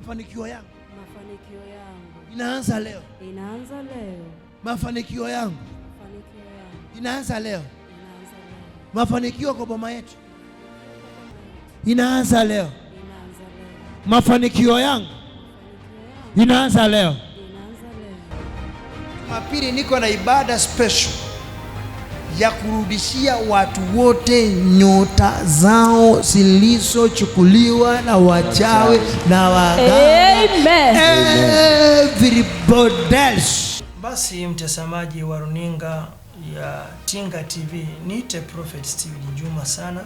mafanikio yangu, mafanikio yangu inaanza leo, inaanza leo. Mafanikio yangu, mafanikio yangu inaanza leo, inaanza leo. Mafanikio kwa boma yetu inaanza leo, inaanza leo. Mafanikio yangu inaanza leo, inaanza leo. Jumapili niko na ibada special ya kurudishia watu wote nyota zao zilizochukuliwa na wachawi na waganga. Everybody else. Basi mtazamaji wa runinga ya Tinga TV, niite Prophet Steven Juma sana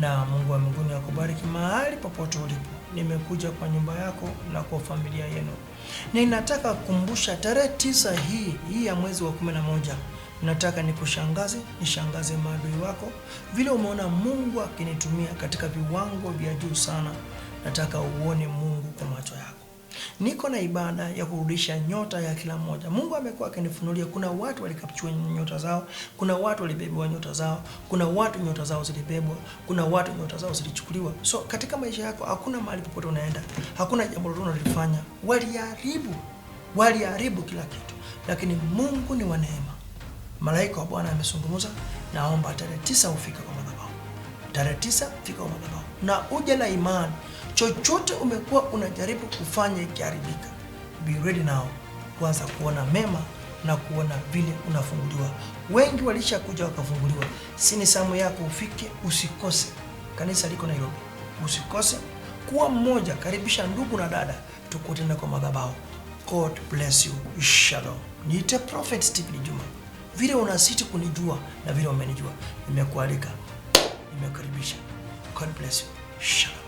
na Mungu wa mbinguni akubariki mahali popote ulipo. Nimekuja kwa nyumba yako na kwa familia yenu. Ninataka kukumbusha tarehe tisa hii hii ya mwezi wa kumi na moja nataka nikushangaze, nishangaze maadui wako vile umeona Mungu akinitumia katika viwango vya juu sana. Nataka uone Mungu niko na ibada ya kurudisha nyota ya kila mmoja. Mungu amekuwa akinifunulia, kuna watu walikapchua nyota zao, kuna watu walibebwa nyota zao, kuna watu nyota zao zilibebwa, kuna watu nyota zao zilichukuliwa. So katika maisha yako hakuna mahali popote unaenda, hakuna jambo lolote unalifanya. Waliharibu, waliharibu kila kitu, lakini Mungu ni wa neema. Malaika wa Bwana amezungumza, naomba tarehe tisa ufika kwa madhabahu, tarehe tisa fika kwa madhabahu na uje na imani chochote umekuwa unajaribu kufanya ikiharibika, be ready now kuanza kuona mema na kuona vile unafunguliwa. Wengi walishakuja wakafunguliwa. Sini samu yako ufike, usikose. Kanisa liko Nairobi, usikose kuwa mmoja. Karibisha ndugu na dada, tukutane kwa madhabahu. God bless you. Shalom. Niite Prophet Stephen Juma. Vile unasiti kunijua na vile umenijua, nimekualika, nimekaribisha. God bless you. Shalom.